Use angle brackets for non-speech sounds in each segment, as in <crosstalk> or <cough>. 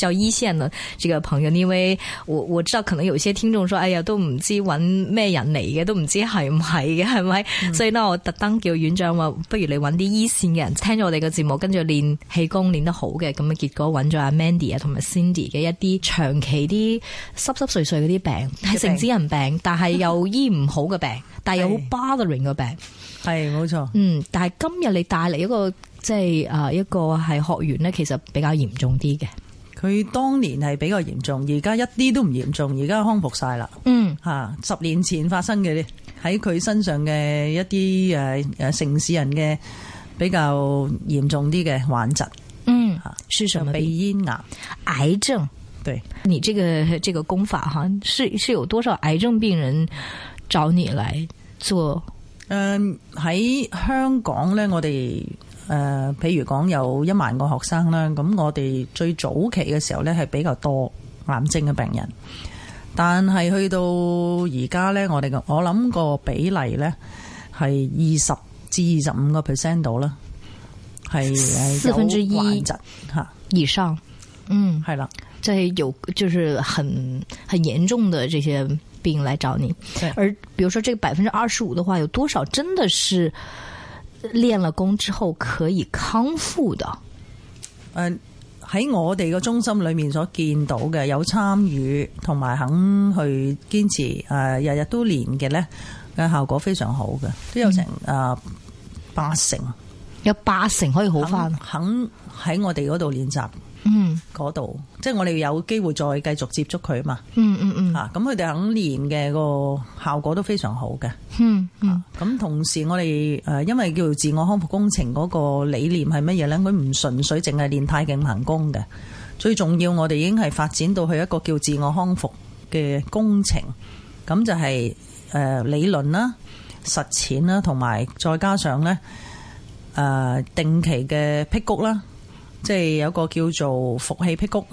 就一線的呢，這個朋友，因爲我我知道可能有些聽眾說，哎呀，都唔知搵咩人嚟嘅，都唔知係唔係嘅，係咪？嗯、所以呢，我特登叫院長話，不如你搵啲一線嘅人聽咗我哋嘅節目，跟住練，練氣功練得好嘅咁嘅結果，搵咗阿 Mandy 啊，同埋 Cindy 嘅一啲長期啲濕濕碎碎嗰啲病，係城市人病，但係又醫唔好嘅病， <laughs> 但係又好 bothering 嘅病，係冇錯，錯。嗯。但係今日你帶嚟一個即係誒一個係學員咧，其實比較嚴重啲嘅。佢當年係比較嚴重，而家一啲都唔嚴重，而家康復晒啦。嗯，吓、啊、十年前發生嘅呢，喺佢身上嘅一啲誒誒，城市人嘅比較嚴重啲嘅患疾。嗯、呃，譬如什麼鼻咽癌、癌、呃、症。對、呃，你這個這個功法，哈，是是有多少癌症病人找你來做？嗯，喺香港呢，我哋。誒，譬如講有一萬個學生啦，咁我哋最早期嘅時候咧，係比較多癌症嘅病人，但係去到而家咧，我哋我諗個比例咧，係二十至二十五個 percent 度啦，係四分之一以上，嗯，係啦，即係有就是很很嚴重嘅，這些病來找你，對而比如說，這個百分之二十五的話，有多少真的是？練了功之後可以康復的，誒喺、呃、我哋個中心裏面所見到嘅有參與同埋肯去堅持誒、呃、日日都練嘅呢，嘅效果非常好嘅，都有成誒、呃、八成，有八成可以好返，肯喺我哋嗰度練習。嗯，嗰度、mm hmm。即係我哋有機會再繼續接觸佢嘛？嗯嗯嗯，吓咁佢哋肯練嘅個效果都非常好嘅。嗯嗯、mm，咁、hmm。啊、同時我哋誒、呃，因為叫做自我康復工程嗰個理念係乜嘢咧？佢唔純粹淨係練太極行功嘅，最重要我哋已經係發展到去一個叫自我康復嘅工程。咁就係、是、誒、呃、理論啦、實踐啦，同埋再加上咧誒、呃、定期嘅辟谷啦。即係有個叫做服氣辟谷，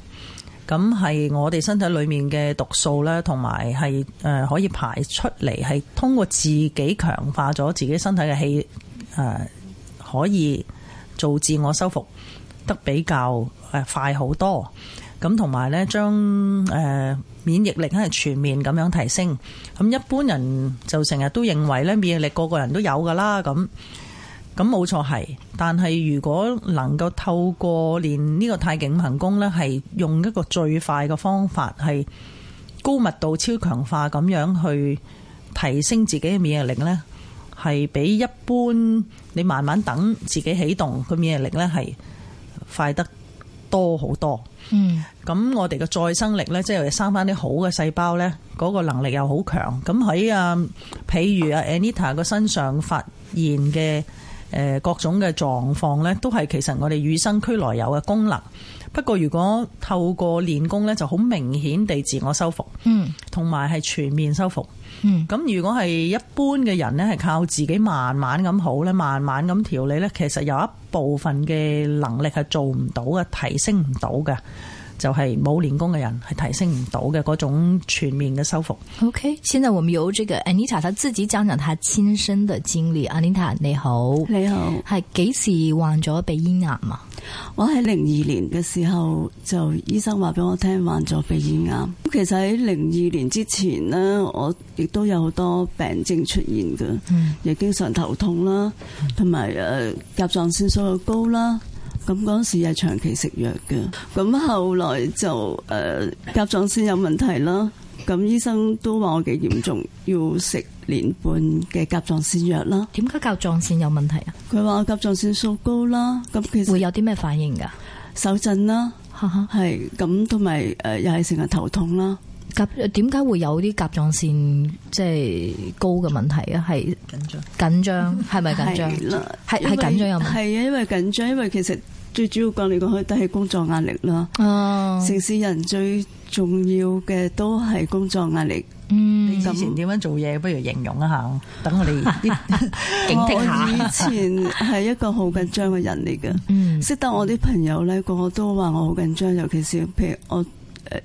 咁係我哋身體裏面嘅毒素啦，同埋係誒可以排出嚟，係通過自己強化咗自己身體嘅氣，誒、呃、可以做自我修復，得比較誒快好多。咁同埋呢，將誒、呃、免疫力係全面咁樣提升。咁一般人就成日都認為呢，免疫力個個人都有㗎啦，咁。咁冇錯係，但係如果能夠透過練呢個太極五行功呢，係用一個最快嘅方法，係高密度超強化咁樣去提升自己嘅免疫力呢，係比一般你慢慢等自己啟動個免疫力呢係快得多好多。嗯，咁我哋嘅再生力呢，即係生翻啲好嘅細胞呢，嗰個能力又好強。咁喺啊，譬如啊 Anita 個身上發現嘅。誒，各種嘅狀況呢，都係其實我哋與生俱來有嘅功能。不過，如果透過練功呢，就好明顯地自我修復。嗯，同埋係全面修復。嗯，咁如果係一般嘅人呢，係靠自己慢慢咁好呢，慢慢咁調理呢，其實有一部分嘅能力係做唔到嘅，提升唔到嘅。就係冇練功嘅人係提升唔到嘅，嗰種全面嘅修復。OK，現在我們由這個 Anita 她自己講講她親身嘅經歷。Anita 你好，你好，係幾時患咗鼻咽癌啊？我喺零二年嘅時候就醫生話俾我聽患咗鼻咽癌。咁其實喺零二年之前呢，我亦都有好多病症出現嘅，亦經常頭痛啦，同埋誒甲狀腺素又高啦。咁嗰時係長期食藥嘅，咁後來就誒、呃、甲狀腺有問題啦。咁醫生都話我幾嚴重，要食年半嘅甲狀腺藥啦。點解甲狀腺有問題啊？佢話甲狀腺素高啦。咁其實會有啲咩反應㗎？手震啦，嚇嚇，係咁同埋誒又係成日頭痛啦。甲點解會有啲甲狀腺即係、就是、高嘅問題啊？係緊張，緊張係咪緊張？係係緊， <laughs> 緊張有咩？係啊，因為緊張，因為其實。最主要講嚟講去都係工作壓力啦。哦，oh. 城市人最重要嘅都係工作壓力。嗯、mm. 那，你以前點樣做嘢，不如形容一下，等我哋警惕下。我以前係一個好緊張嘅人嚟嘅，mm. 識得我啲朋友咧，個個都話我好緊張。尤其是，譬如我，誒，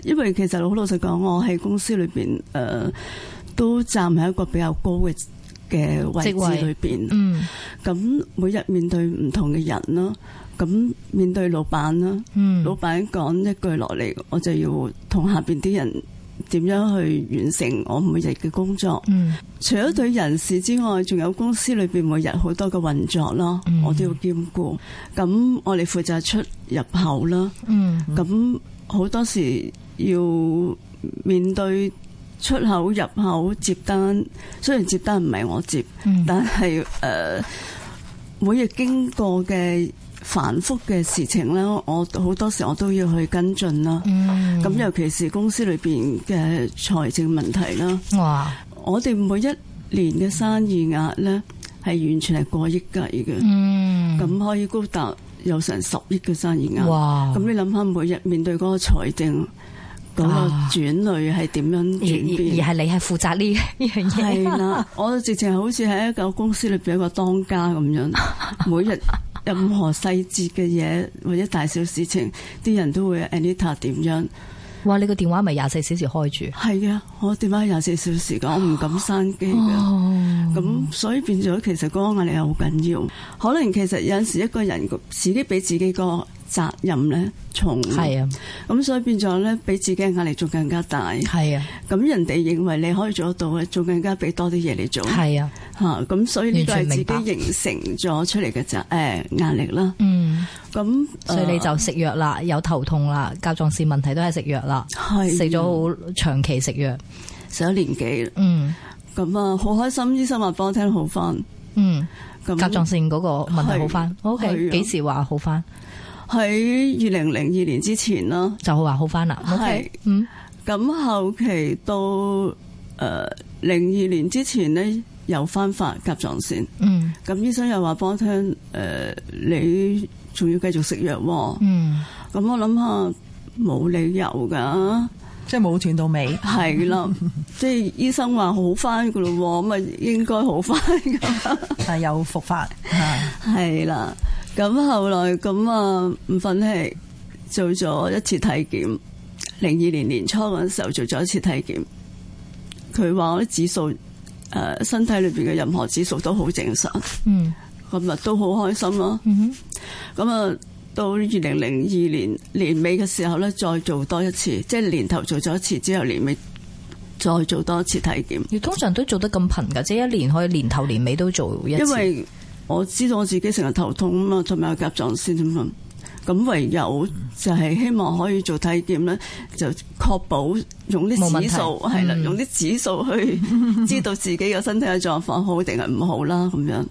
因為其實好老實講，我喺公司裏邊，誒、呃，都站喺一個比較高嘅嘅位置裏邊。嗯，咁、mm. 每日面對唔同嘅人囉。咁面對老闆啦，老闆講一句落嚟，我就要同下邊啲人點樣去完成我每日嘅工作。除咗對人事之外，仲有公司裏邊每日好多嘅運作咯，我都要兼顧。咁我哋負責出入口啦，咁好多時要面對出口入口接單，雖然接單唔係我接，但係誒每日經過嘅。繁複嘅事情咧，我好多時我都要去跟進啦。咁、嗯、尤其是公司裏邊嘅財政問題啦。哇！我哋每一年嘅生意額咧，係完全係過億計嘅。嗯，咁可以高達有成十億嘅生意額。哇！咁你諗下，每日面對嗰個財政，嗰、嗰個轉類係點樣轉變？啊、而係你係負責呢樣嘢。係啦的， <laughs> 我直情係好似喺一個公司裏邊一個當家咁樣，每日。 <laughs> 任何細節嘅嘢，或者大小事情，啲人都會 Anita 點樣？哇！你個電話咪廿四小時開住？係啊，我電話廿四小時講，我唔敢閂機嘅。咁、啊、所以變咗，其實壓力係好緊要。可能其實有陣時一個人自己俾自己個責任咧，重係啊，咁所以變咗咧，俾自己嘅壓力仲更加大。係啊，咁人哋認為你可以做得到嘅，仲更加俾多啲嘢嚟做。係啊，吓，咁所以你都係自己形成咗出嚟嘅責誒壓力啦。嗯，咁所以你就食藥啦，有頭痛啦，甲狀腺問題都係食藥啦，食咗好長期食藥，食咗年幾。嗯，咁啊，好開心醫生話幫聽好翻。嗯，咁甲狀腺嗰個問題好翻。O K，幾時話好翻？喺二零零二年之前啦，就好話好翻啦。係 okay?、嗯，咁後期到誒零二年之前咧，又翻發甲狀腺。嗯，咁醫生又話幫我聽誒、呃，你仲要繼續食藥。嗯，咁我諗下冇理由噶， <laughs> 即係冇斷到尾。係啦，即係醫生話好翻噶咯，咁啊應該好翻噶。係又復發，係啦。 <laughs> <laughs> 咁後來咁啊唔忿氣，做咗一次體檢。零二年年初嗰陣時候做咗一次體檢，佢話我啲指數，誒身體裏邊嘅任何指數都好正常。嗯，今日都好開心咯。嗯哼，咁啊到二零零二年年尾嘅時候咧，再做多一次，即係年頭做咗一次之後，年尾再做多一次體檢。你通常都做得咁頻噶，即係一年可以年頭年尾都做一次。因為我知道我自己成日頭痛咁啊，仲有甲狀腺咁啊，咁唯有就係希望可以做體檢咧，就確保用啲指數係啦，用啲指數去知道自己個身體嘅狀況好定係唔好啦，咁樣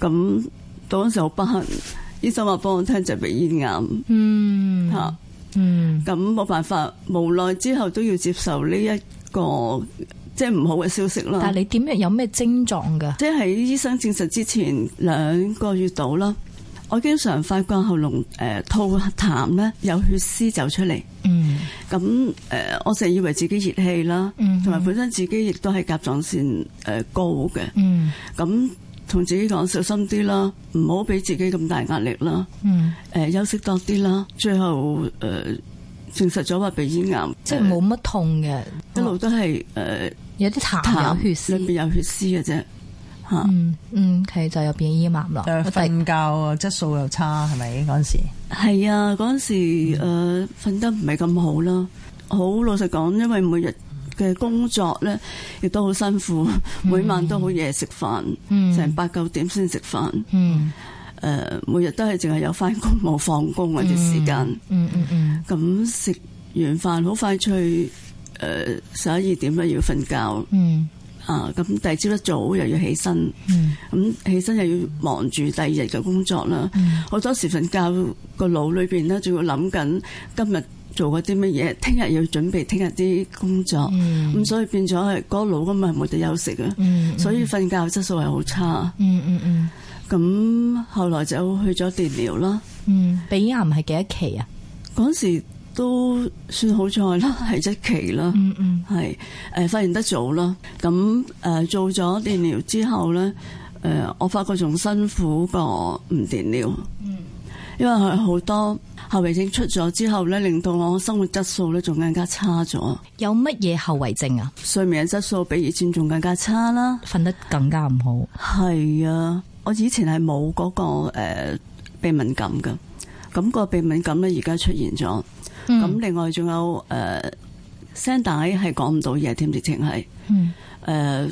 咁當時好不幸，醫生話幫我聽隻、就是、鼻咽癌。嗯吓，嗯，咁冇是、嗯、辦法，無奈之後都要接受呢、這、一個。即係唔好嘅消息啦。但係你點樣有咩症狀噶？即係喺醫生證實之前兩個月到啦。我經常發覺喉嚨誒、呃、吐痰咧有血絲走出嚟。嗯。咁誒、呃，我成日以為自己熱氣啦。同埋、嗯、哼本身自己亦都係甲狀腺誒高嘅。嗯。咁同自己講小心啲啦，唔好俾自己咁大壓力啦。嗯。誒、呃，休息多啲啦。最後誒、呃、證實咗話鼻咽癌，呃、即係冇乜痛嘅，一路都係誒。有啲痰，有血絲，裏邊有血絲嘅啫。吓，嗯，佢就有便衣麻落。但係瞓覺啊，質素又差，係咪嗰陣時？係啊，嗰陣時誒，瞓得唔係咁好啦。好老實講，因為每日嘅工作咧，亦都好辛苦，每晚都好夜食飯，成八九點先食飯。嗯，誒，每日都係淨係有返工冇放工嗰啲時間。嗯嗯嗯。咁食完飯，好快脆。誒，十一二點咧要瞓覺？嗯啊，咁第二朝一早又要起身，嗯，咁起身又要忙住第二日嘅工作啦。好多時瞓覺，個腦裏邊咧，仲要諗緊今日做嗰啲乜嘢，聽日要準備聽日啲工作，咁所以變咗係嗰個腦咁咪冇得休息啊。所以瞓覺質素係好差。嗯嗯嗯。咁、嗯嗯、後來就去咗電療啦。嗯，鼻咽癌係幾多期啊？嗰時。都算好在啦，係一期啦，係誒發現得早啦。咁、嗯、誒、呃呃、做咗電療之後咧，誒、呃、我發覺仲辛苦過唔電療，嗯、因為佢好多後遺症出咗之後咧，令到我生活質素咧仲更加差咗。有乜嘢後遺症啊？睡眠質素比以前仲更加差啦，瞓得更加唔好。係啊，我以前係冇嗰個誒鼻、呃、敏感㗎。咁個鼻敏感咧，而家出現咗。咁另外仲有誒聲帶係講唔到嘢，添直情係。誒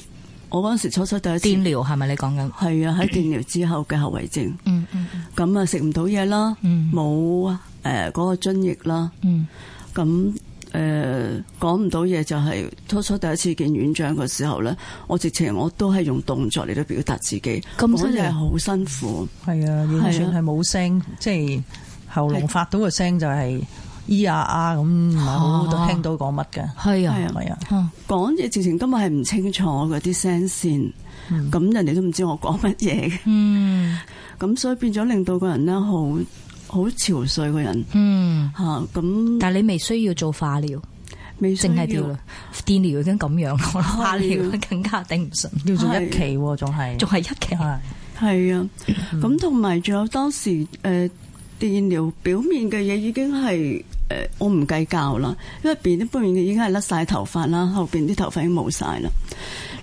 我嗰陣時初初第一次電療係咪你講緊？係啊，喺電療之後嘅後遺症。嗯。咁啊，食唔到嘢啦，冇誒嗰個津液啦。嗯。咁誒講唔到嘢，就係初初第一次見院長嘅時候咧，我直情我都係用動作嚟到表達自己。咁真係好辛苦。係啊，院長係冇聲，即係。喉嚨發到個聲就係咿呀呀咁，唔係好多聽到講乜嘅。係啊，係啊，講嘢直情根本係唔清楚嗰啲聲線，咁人哋都唔知我講乜嘢。嗯，咁所以變咗令到個人咧，好好憔悴個人。嗯，吓咁。但係你未需要做化療，未淨係調啦，電療已經咁樣啦，化療更加頂唔順，要做一期喎，仲係仲係一期。係係啊，咁同埋仲有當時誒。電療表面嘅嘢已經係誒、呃，我唔計較啦，因為邊啲表面已經係甩晒頭髮啦，後邊啲頭髮已經冇晒啦。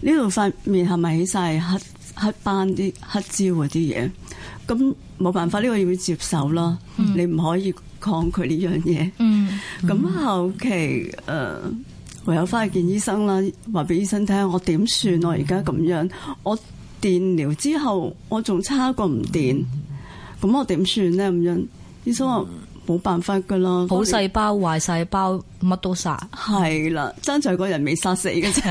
呢度塊面係咪起晒黑黑斑黑、啲黑焦嗰啲嘢？咁冇辦法，呢、呢個要，要接受啦，嗯、你唔可以抗拒呢樣嘢。咁、嗯、後期誒、呃，唯有翻去見醫生啦，話俾醫生聽我點算我而家咁樣，我電療之後我仲差過唔電。嗯咁、嗯啊、我點算咧？咁樣醫生話冇辦法噶啦，好細胞壞細胞乜都殺，係啦、啊，爭在個人未殺死嘅啫。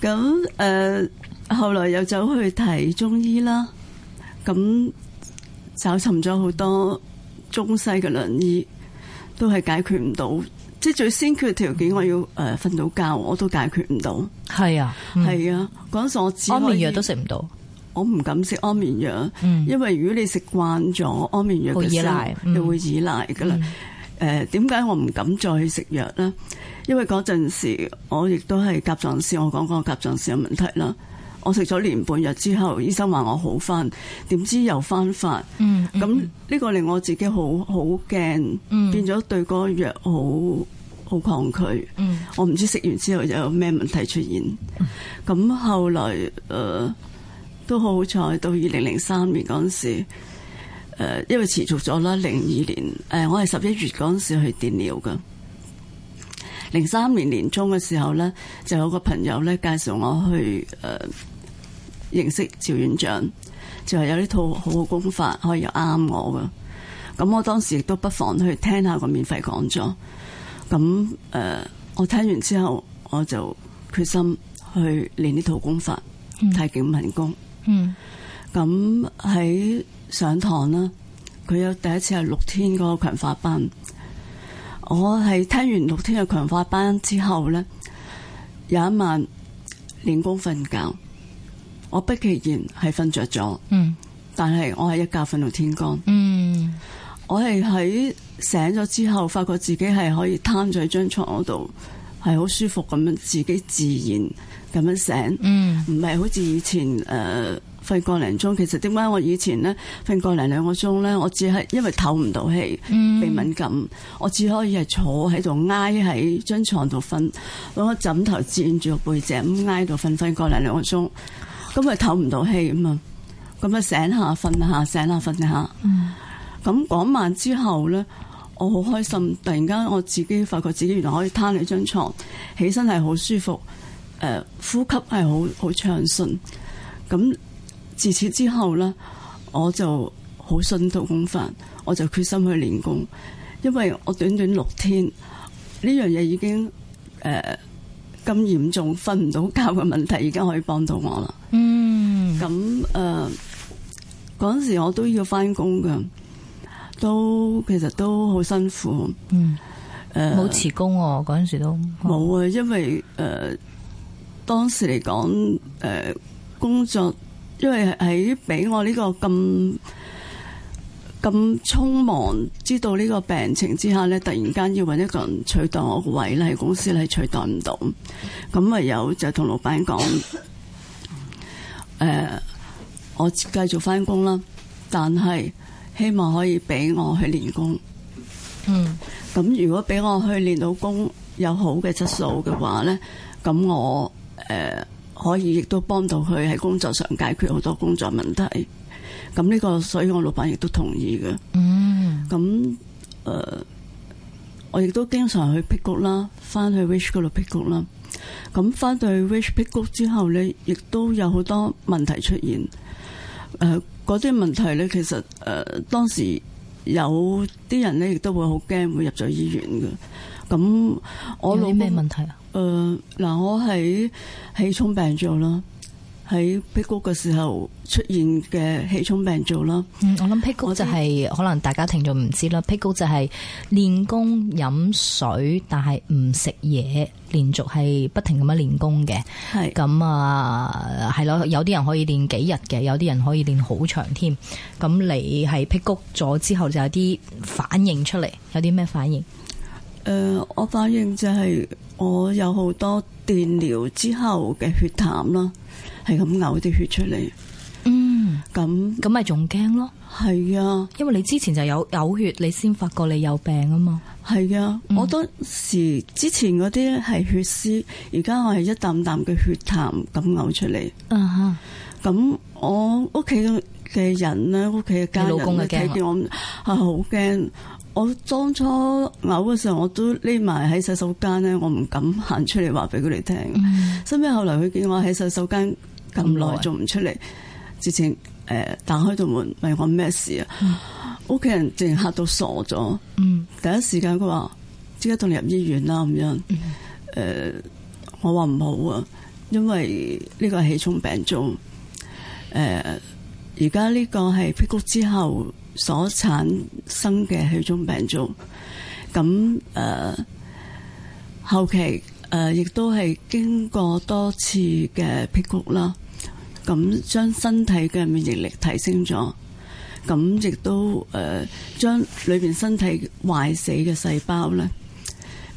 咁 <laughs> 誒、啊，後來又走去睇中醫啦、咁、啊、找尋咗好多中西嘅良醫，都係解決唔到。即係最先決條件，嗯、我要誒瞓到覺，我都解決唔到。係啊，係、嗯、啊，嗰陣時我安眠藥都食唔到。嗯我唔敢食安眠藥，因為如果你食慣咗安眠藥嘅依賴，你會依賴噶啦。誒，點解我唔敢再去食藥呢？因為嗰陣時我亦都係甲狀腺，我講過甲狀腺有問題啦。我食咗年半藥之後，醫生話我好翻，點知又翻翻。咁呢個令我自己好好驚，變咗對個藥好好抗拒。我唔知食完之後又有咩問題出現。咁後來誒。都好彩，到二零零三年陣時，誒、呃，因為持續咗啦。零二年，誒、呃，我係十一月陣時去電療噶。零三年年中嘅時候咧，就有個朋友咧介紹我去誒、呃、認識趙院長，就係有呢套好好功法可以又啱我噶。咁我當時亦都不妨去聽下個免費講座。咁誒、呃，我聽完之後，我就決心去練呢套功法太極五行功。嗯，咁喺上堂啦，佢有第一次係六天嗰個強化班，我係聽完六天嘅強化班之後咧，有一晚練功瞓覺，我不期然係瞓着咗，嗯，但係我係一覺瞓到天光，嗯，我係喺醒咗之後，發覺自己係可以攤咗喺張床嗰度，係好舒服咁樣，自己自然。咁樣醒，唔係、嗯、好似以前誒瞓、呃、個零鐘。其實點解我以前咧瞓個零兩個鐘咧，我只係因為唞唔到氣，鼻敏感，嗯、我只可以係坐喺度挨喺張床度瞓，攞個枕頭墊住個背脊咁挨到瞓，瞓個零兩個鐘，咁啊唞唔到氣啊嘛，咁啊醒下瞓下，醒下瞓下，咁講完之後咧，我好開心，突然間我自己發覺自己原來可以攤喺張床，起身係好舒服。誒、呃，呼吸係好好暢順，咁自此之後咧，我就好信道功法，我就決心去練功，因為我短短六天呢樣嘢已經誒咁嚴重，瞓唔到覺嘅問題已經可以幫到我啦。嗯，咁誒嗰陣時我都要翻工噶都其實都好辛苦。嗯，冇辭、呃、工喎、啊，嗰陣時都冇、哦、啊，因為誒。呃當時嚟講，誒、呃，工作因為喺俾我呢、這個咁咁匆忙，知道呢個病情之下咧，突然間要搵一個人取代我個位咧，公司嚟取代唔到，咁唯有就同老闆講，誒、呃，我繼續翻工啦，但係希望可以俾我去練功。嗯，咁如果俾我去練到功有好嘅質素嘅話呢，咁我。誒、呃，可以亦都幫到佢喺工作上解決好多工作問題。咁、這、呢個，所以我老闆亦都同意嘅。Mm. 嗯，咁、呃、誒，我亦都經常去辟谷啦，翻去 Wish 嗰度辟谷啦。咁翻到去 Wish 辟谷之後咧，亦都有好多問題出現。誒、呃，嗰啲問題咧，其實誒、呃，當時有啲人咧，亦都會好驚會入咗醫院嘅。咁、嗯、我老闆有咩問題啊？誒，嗱、呃，我喺氣衝病灶啦，喺辟谷嘅時候出現嘅氣衝病灶啦。嗯，我諗辟谷就係、是、也可能大家聽咗唔知啦，辟谷就係練功飲水，但係唔食嘢，連續係不停咁樣練功嘅。係咁是啊，係咯，有啲人可以練幾日嘅，有啲人可以練好長添。咁你係辟谷咗之後就有啲反應出嚟，有啲咩反應？誒、呃，我反應就係我有好多電療之後嘅血痰啦，係咁嘔啲血出嚟。嗯，咁咁咪仲驚咯？係啊，因為你之前就有嘔血，你先發覺你有病啊嘛。係啊，我當時、嗯、之前嗰啲係血絲，而家我係一啖啖嘅血痰咁嘔出嚟。啊咁、uh huh. 我屋企嘅人咧，屋企嘅家人睇見我啊，好驚、啊，我當初嘔嘅時候，我都匿埋喺洗手間咧，我唔敢行出嚟話俾佢哋聽。所以、嗯、後來佢見我喺洗手間咁耐做唔出嚟，之前誒打開道門問，問我咩事啊？屋企、嗯、人竟然吓到傻咗。嗯、第一時間佢話：即刻同你入醫院啦，咁樣。誒、呃，我話唔好啊，因為呢個係氣沖病重，誒、呃。呃而家呢個係辟谷之後所產生嘅氣沖病灶，咁誒、呃、後期誒、呃、亦都係經過多次嘅辟谷啦，咁將身體嘅免疫力提升咗，咁亦都誒將裏邊身體壞死嘅細胞咧，誒、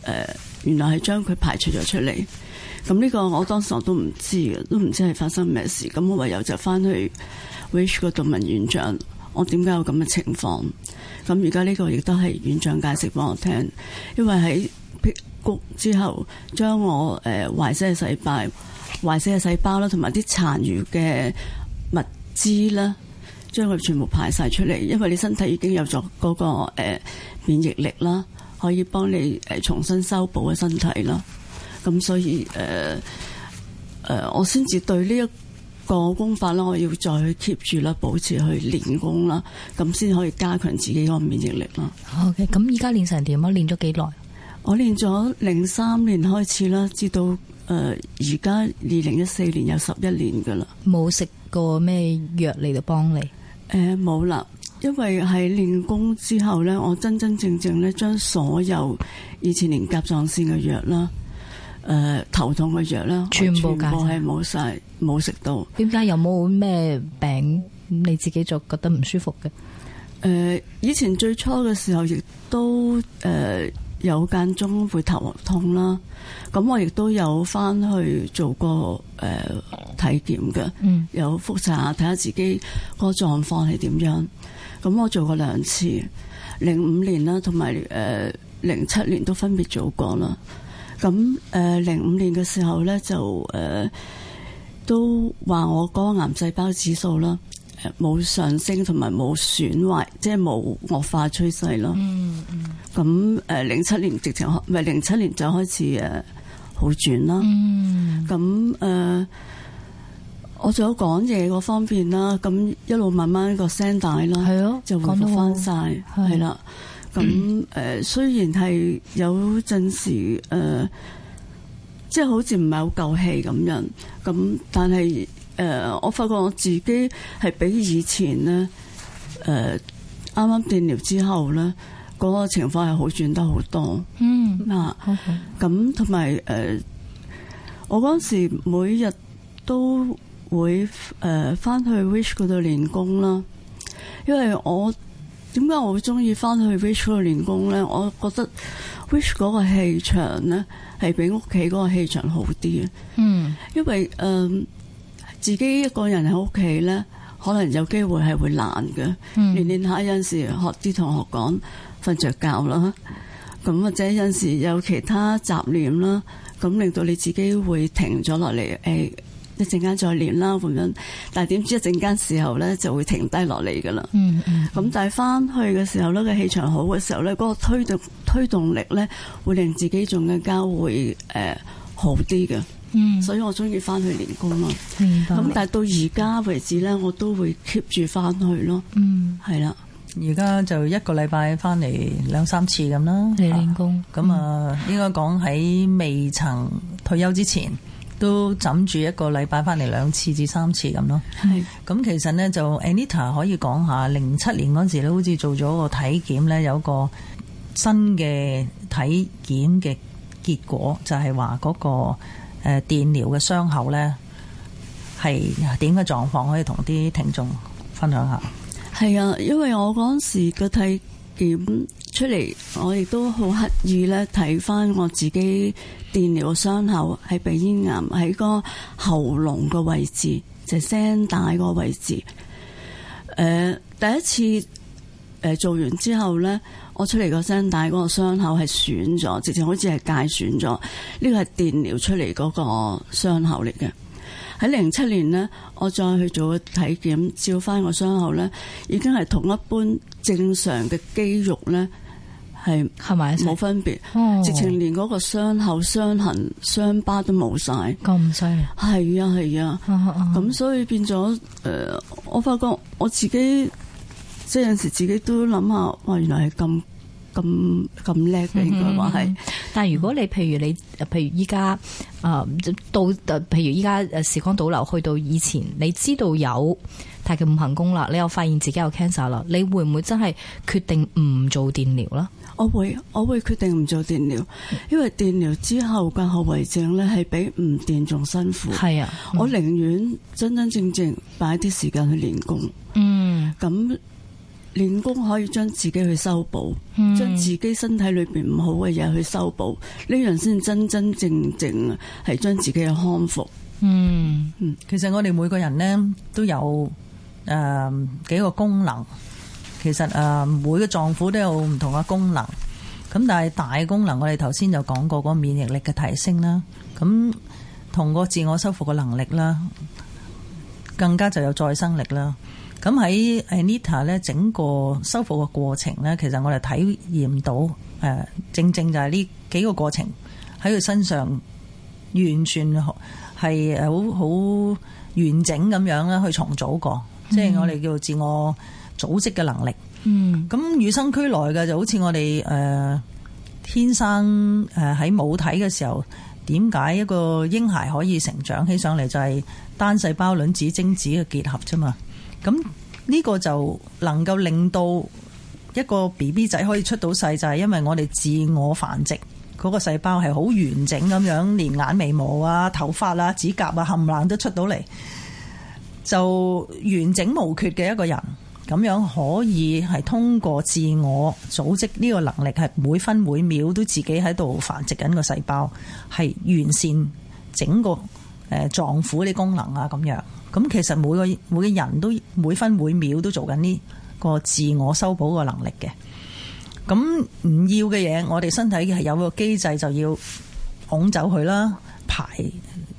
呃、原來係將佢排除咗出嚟。咁呢個我當時我都唔知嘅，都唔知係發生咩事。咁我唯有就翻去 which 嗰度問院長，我點解有咁嘅情況？咁而家呢個亦都係院長解釋俾我聽，因為喺辟谷之後，將我誒壞死嘅細胞，壞死嘅細胞啦，同埋啲殘餘嘅物資啦，將佢全部排晒出嚟。因為你身體已經有咗嗰，那個誒、呃、免疫力啦，可以幫你誒重新修補嘅身體啦。咁所以誒誒、呃呃，我先至對呢一個功法咧，我要再去 keep 住啦，保持去練功啦，咁先可以加強自己個免疫力啦。OK，咁而家練成點啊？練咗幾耐？我練咗零三年開始啦，至到誒而家二零一四年有十一年噶啦，冇食過咩藥嚟到幫你？誒，冇啦，因為係練功之後咧，我真真正正咧將所有以前連甲狀腺嘅藥啦。誒、呃，頭痛嘅藥啦，全部係冇晒，冇食到。點解有冇咩病？你自己就覺得唔舒服嘅？誒、呃，以前最初嘅時候，亦都誒有間、呃、中會頭痛啦。咁我亦都有翻去做過誒、呃、體檢嘅，嗯、有複查睇下看看自己個狀況係點樣。咁我做過兩次，零五年啦，同埋誒零七年都分別做過啦。咁誒零五年嘅時候咧，就誒、呃、都話我肝癌細胞指數啦，冇、呃、上升同埋冇損壞，即係冇惡化趨勢啦。嗯。咁誒零七年直情唔係零七年就開始誒好轉啦。嗯。咁誒，呃嗯、我仲有講嘢嗰方面啦，咁一路慢慢個聲大啦，係咯、嗯，哦、就恢回復恢復翻晒。係啦。咁誒，嗯、雖然係有陣時誒，即係好似唔係好夠氣咁樣，咁但係誒、呃，我發覺我自己係比以前咧誒，啱啱電療之後咧，嗰個情況係好轉得好多。嗯，啊，咁同埋誒，我陣時每日都會誒翻、呃、去 wish 度練功啦，因為我。.點解我會中意翻去 which 嗰度練功咧？我覺得 which 嗰個氣場咧係比屋企嗰個氣場好啲嘅。嗯，因為誒、呃、自己一個人喺屋企咧，可能有機會係會難嘅。嗯、練練下有陣時學啲同學講瞓着覺啦，咁或者有陣時有其他雜念啦，咁令到你自己會停咗落嚟誒。一陣間再練啦，咁樣。但係點知一陣間時候咧就會停低落嚟噶啦。嗯嗯。咁但係翻去嘅時候咧，個氣場好嘅時候咧，嗰個推動推動力咧，會令自己做嘅膠會誒好啲嘅。嗯。所以我中意翻去練功啊。明白。咁、嗯、但係到而家為止咧，我都會 keep 住翻去咯。嗯。係啦了。而家就一個禮拜翻嚟兩三次咁啦。練、嗯、功。咁啊，嗯、應該講喺未曾退休之前。都枕住一個禮拜翻嚟兩次至三次咁咯。係咁是其實呢，就 Anita 可以講下零七年嗰時咧，好似做咗個體檢呢，有一個新嘅體檢嘅結果，就係話嗰個誒電療嘅傷口呢係點嘅狀況，可以同啲聽眾分享下。係啊，因為我嗰時個體檢。出嚟，我亦都好刻意咧睇翻我自己電療嘅傷口喺鼻咽癌喺個喉嚨個位置，就聲帶個位置。誒、呃，第一次誒做完之後咧，我出嚟個聲帶嗰個傷口係損咗，直情好似係界損咗。呢個係電療出嚟嗰個傷口嚟嘅。喺零七年呢，我再去做個體檢，照翻個傷口咧，已經係同一般正常嘅肌肉咧。係係咪啊？冇分別，直情、oh. 連嗰個傷口、傷痕、傷疤都冇晒。咁犀利？係啊，係啊，咁 <laughs> 所以變咗誒，我發覺我自己即係有時自己都諗下，哇！原來係咁。咁咁叻嘅，應該話係。嗯、但係如果你譬如你，譬如依家，誒、呃、到，誒譬如依家誒時光倒流去到以前，你知道有太極五行功啦，你又發現自己有 cancer 啦，你會唔會真係決定唔做電療呢？我會，我會決定唔做電療，因為電療之後嘅後遺症呢係比唔電仲辛苦。係啊，嗯、我寧願真真正正擺啲時間去練功。嗯，咁。練功可以將自己去修補，將、嗯、自己身體裏邊唔好嘅嘢去修補呢、嗯、樣先真真正正係將自己去康復。嗯，其實我哋每個人呢都有誒、呃、幾個功能，其實誒、呃、每個臟腑都有唔同嘅功能，咁但係大功能我哋頭先就講過個免疫力嘅提升啦，咁同個自我修復嘅能力啦，更加就有再生力啦。咁喺 Anita 咧，An 整個修復嘅過程咧，其實我哋體驗到誒、呃、正正就係呢幾個過程喺佢身上完全係誒好好完整咁樣咧去重組過，嗯、即係我哋叫做自我組織嘅能力。嗯，咁與生俱來嘅就好似我哋誒、呃、天生誒喺、呃、母體嘅時候，點解一個嬰孩可以成長起上嚟？就係單細胞卵子精子嘅結合啫嘛。咁呢、這個就能夠令到一個 BB 仔可以出到世，就係、是、因為我哋自我繁殖嗰個細胞係好完整咁樣，連眼眉毛啊、頭髮啊、指甲啊、冚唪唥都出到嚟，就完整無缺嘅一個人。咁樣可以係通過自我組織呢個能力，係每分每秒都自己喺度繁殖緊個細胞，係完善整個誒臟腑啲功能啊，咁樣。咁其實每個每個人都每分每秒都做緊呢個自我修補嘅能力嘅。咁唔要嘅嘢，我哋身體係有個機制就要拱走佢啦、排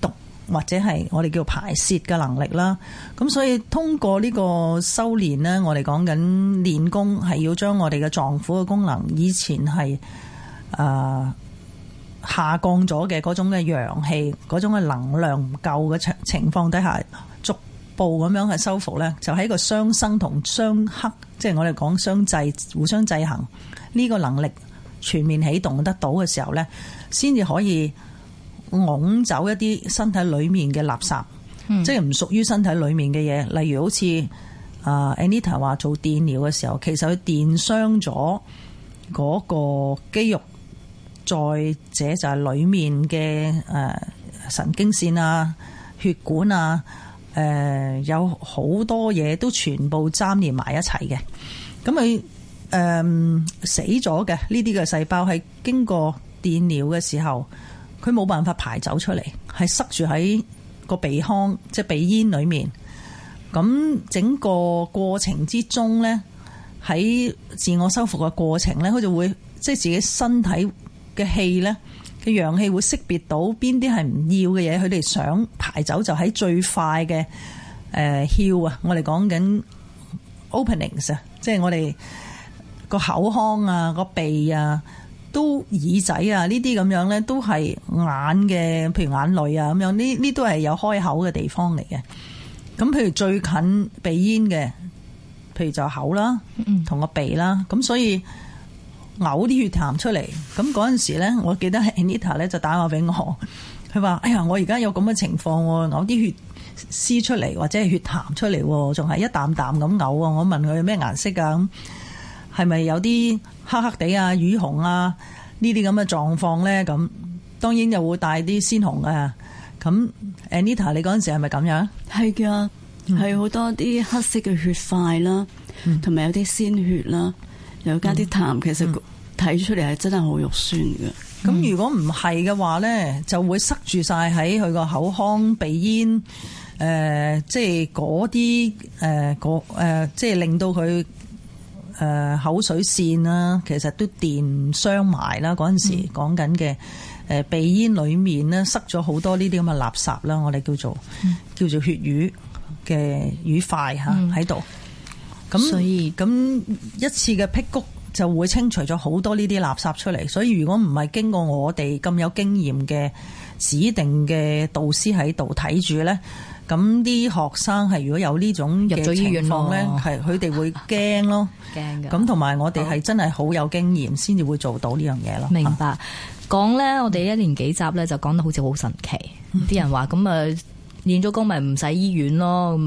毒或者係我哋叫排泄嘅能力啦。咁所以通過呢個修練呢，我哋講緊練功係要將我哋嘅臟腑嘅功能，以前係啊、呃、下降咗嘅嗰種嘅陽氣、嗰種嘅能量唔夠嘅情情況底下。步咁樣嘅修復呢，就喺、是、個相生同相克，即、就、係、是、我哋講相制，互相制衡呢個能力全面啟動得到嘅時候呢，先至可以拱走一啲身體裏面嘅垃圾，嗯、即係唔屬於身體裏面嘅嘢，例如好似啊 Anita 話做電療嘅時候，其實佢電傷咗嗰個肌肉，再者就係裏面嘅誒神經線啊、血管啊。誒、呃，有好多嘢都全部粘連埋一齊嘅，咁佢誒死咗嘅呢啲嘅細胞係經過電療嘅時候，佢冇辦法排走出嚟，係塞住喺個鼻腔即係鼻咽裏面。咁整個過程之中呢，喺自我修復嘅過程呢，佢就會即係自己身體嘅氣呢。嘅陽氣會識別到邊啲係唔要嘅嘢，佢哋想排走就喺最快嘅誒竅啊！呃、Hill, 我哋講緊 openings 啊，即係我哋個口腔啊、個鼻啊、耳啊都耳仔啊呢啲咁樣咧，都係眼嘅，譬如眼淚啊咁樣，呢呢都係有開口嘅地方嚟嘅。咁譬如最近鼻咽嘅，譬如就口啦，同個鼻啦，咁所以。嘔啲血痰出嚟，咁嗰陣時咧，我記得 Anita 咧就打電話俾我，佢話：哎呀，我而家有咁嘅情況，嘔啲血絲出嚟或者係血痰出嚟，仲係一啖啖咁嘔啊！我問佢咩顏色噶，係咪有啲黑黑地啊、瘀紅啊呢啲咁嘅狀況咧？咁當然又會帶啲鮮紅嘅。咁 Anita，你嗰陣時係咪咁樣？係噶的，係好、嗯、多啲黑色嘅血塊啦，同埋、嗯、有啲鮮血啦。有加啲痰，其實睇出嚟係真係好肉酸嘅。咁、嗯嗯、如果唔係嘅話咧，就會塞住晒喺佢個口腔鼻咽，誒、呃，即係嗰啲誒，個即係令到佢誒、呃、口水腺啦，其實都電傷埋啦。嗰陣時講緊嘅誒鼻咽裡面咧，塞咗好多呢啲咁嘅垃圾啦，我哋叫做、嗯、叫做血瘀嘅瘀塊嚇喺度。嗯。咁所以，咁一次嘅辟穀就會清除咗好多呢啲垃圾出嚟。所以如果唔係經過我哋咁有經驗嘅指定嘅導師喺度睇住呢，咁啲學生係如果有呢種嘅情況呢，係佢哋會驚咯，驚咁同埋我哋係真係好有經驗，先至會做到呢樣嘢咯。好明白。講、啊、呢，我哋一年幾集呢就講得好似好神奇。啲 <laughs> 人話咁啊～練咗功咪唔使醫院咯，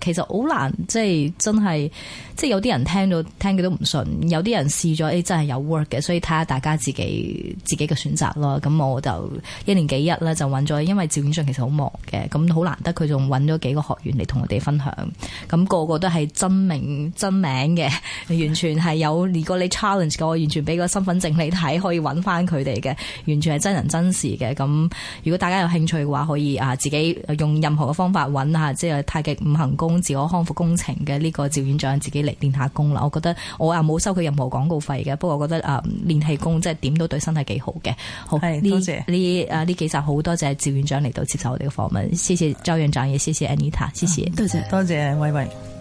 其實好難，即係真係，即係有啲人聽到聽佢都唔信，有啲人試咗，誒、哎、真係有 work 嘅，所以睇下大家自己自己嘅選擇咯。咁我就一年幾日咧就揾咗因為趙院長其實好忙嘅，咁好難得佢仲揾咗幾個學員嚟同我哋分享，咁，那個個都係真名真名嘅，完全係有，如果你 challenge 過，我完全俾個身份證你睇，可以揾翻佢哋嘅，完全係真人真事嘅。咁如果大家有興趣嘅話，可以啊自己。用任何嘅方法揾下，即係太極五行功、自我康復工程嘅呢個趙院長自己嚟練下功啦。我覺得我啊冇收佢任何廣告費嘅，不過我覺得啊練氣功即係點都對身體幾好嘅。好，多謝呢啲呢幾集好多謝趙院長嚟到接受我哋嘅訪問，謝謝周院長也，亦謝謝 Anita 謝謝、啊、多謝多謝維維。葳葳。